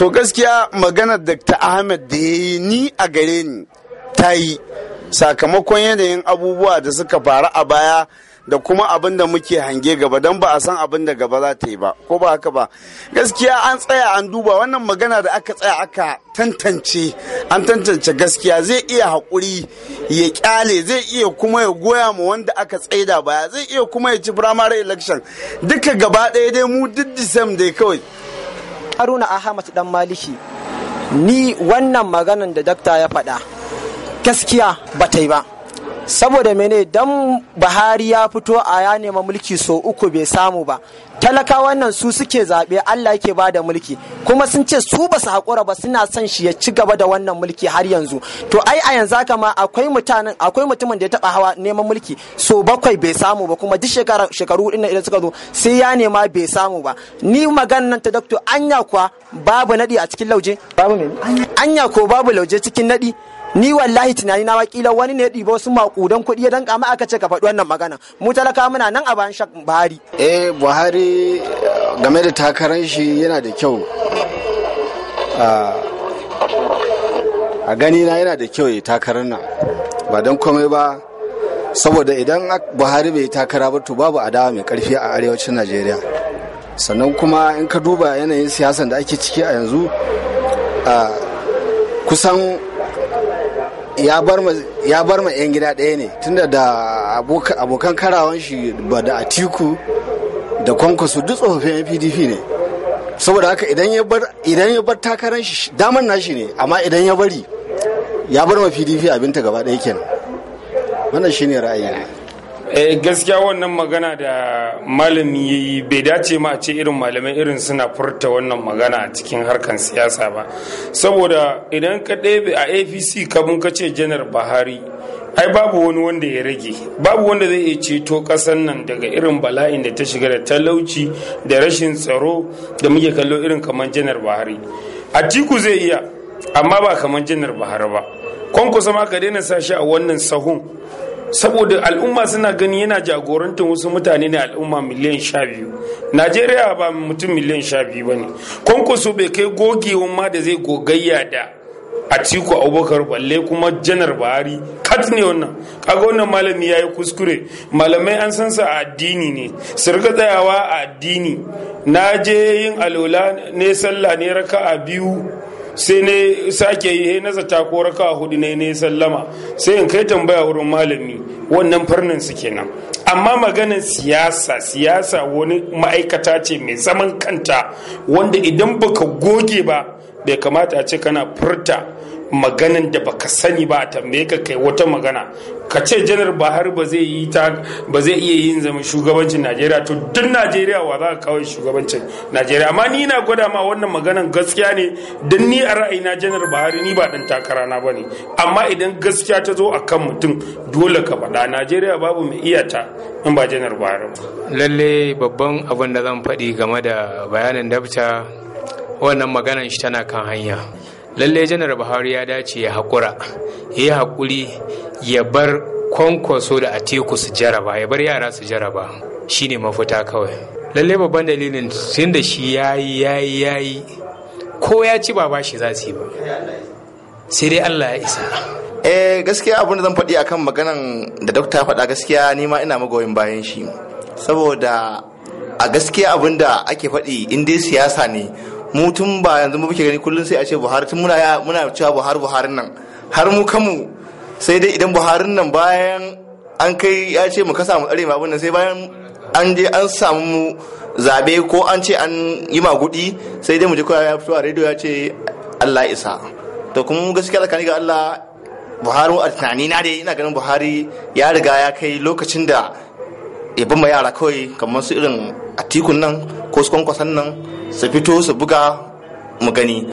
to gaskiya maganar dr ahmed da ya yi ni a gare ni ta yi sakamakon yanayin abubuwa da suka faru a baya da kuma abin da muke hange gaba don ba a san abin da gaba za ta yi ba ko ba haka ba gaskiya an tsaya an duba wannan magana da aka tsaya aka tantance an tantance gaskiya zai iya haƙuri ya ƙyale zai iya kuma ya goya ma wanda aka tsaida baya zai iya kuma ya ci firamare election duka gaba ɗaya dai mu duk disam dai kawai haruna ahmad dan maliki ni wannan maganan da dakta ya faɗa gaskiya ba ta yi ba saboda mene dan buhari ya fito a ya nema mulki so uku bai samu ba talaka wannan su suke zaɓe allah yake ba da mulki kuma sun ce su ba su haƙura ba suna son shi ya ci gaba da wannan mulki har yanzu to ai a yanzu haka ma akwai mutanen akwai mutumin da ya taɓa hawa neman mulki so bakwai bai samu ba kuma duk shekara shekaru ɗin idan suka zo sai ya nema bai samu ba ni nan ta doctor anya kuwa babu naɗi a cikin lauje babu anya ko babu lauje cikin naɗi ni wallahi tunani na wakilan wani ne ɗibo su makudan kuɗi ya danka ma aka ce ka faɗi wannan magana mu talaka muna nan a bayan shak buhari eh buhari game da takarar shi yana da kyau a gani na yana da kyau ya takarar nan ba don komai ba saboda idan buhari bai takara ba to babu adawa mai karfi a arewacin najeriya sannan kuma in ka duba yanayin siyasan da ake ciki a yanzu kusan ya bar ma yan gida ɗaya ne tunda da abokan karawan shi ba da atiku da kwankwaso duk tsofaffin pdp ne saboda haka idan ya bar takarar shi damar takarar shi daman nashi ne amma idan ya bari ya bar ma pdp abinta gaba ɗaya kenan wannan shine ra'ayi eh gaskiya wannan magana da malami ya yi bai dace ma a ce irin malamai irin suna furta wannan magana a cikin harkan siyasa ba saboda idan ka ɗebe a apc kabin ka ce janar bahari, ai babu wani wanda ya rage babu wanda zai iya ceto ƙasar nan daga irin bala'in da ta shiga da talauci da rashin tsaro da muke kallo irin kamar janar bahari. a tiku zai iya amma ba kamar janar bahari ba kwan kusa ma ka daina sa shi a wannan sahun saboda al'umma suna gani yana jagorantar wasu mutane ne al'umma miliyan sha biyu najeriya ba mutum miliyan sha biyu ba ne kwankwaso bai kai gogewan ma da zai gogayya da atiku abubakar balle kuma janar buhari kat ne wannan kaga wannan malami ya yi kuskure malamai an san sa a addini ne su rika tsayawa a addini na je yin alola ne sallah ne raka'a biyu sai ne sake yi nazarta ko raka hudu ne ne sallama sai in kai tambaya wurin malami wannan farnin su kenan amma maganin siyasa siyasa wani ma'aikata ce mai zaman kanta wanda idan baka goge ba bai kamata a ce kana furta maganan da baka sani ba a tambaye ka kai wata magana ka ce janar bahar ba zai iya yin zama shugabancin najeriya to duk najeriya wa za ka kawai shugabancin najeriya amma ni na gwada ma wannan maganan gaskiya ne don ni a ra'ayina janar bahari ni ba dan takara na ne, amma idan gaskiya ta zo akan mutum dole ka faɗa najeriya babu mai iya ta in ba janar bahari lalle babban abin da zan faɗi game da bayanin dabta wannan maganan shi tana kan hanya lallai janar buhari ya dace ya haƙura ya yi haƙuri ya bar kwankwaso da atiku su jaraba ya bar yara su jaraba Shi ne mafita kawai lallai babban dalilin tun da shi ya yi ya yi ya yi ko ya ci ba bashi za su yi ba sai dai allah ya isa eh gaskiya abin da zan faɗi akan maganan da dokta faɗa gaskiya ni ma ina magoyin bayan shi saboda a gaskiya abin da ake faɗi in dai siyasa ne mu ba yanzu mu muke gani kullum sai a ce buhari tun muna muna cewa buhari buharin nan har mu kanmu sai dai idan buharin nan bayan an kai ya ce mu kasa mu tsare ma abin sai bayan an je an samu mu zabe ko an ce an yi magudi sai dai mu ji kawai ya fito a rediyo ya ce Allah isa to kuma gaskiya tsakani ga Allah Buhari a tunani na dai ina ganin Buhari ya riga ya kai lokacin da ya bamba yara kawai kamar su irin tikun nan ko su kwankwasan nan su fito su buga mu gani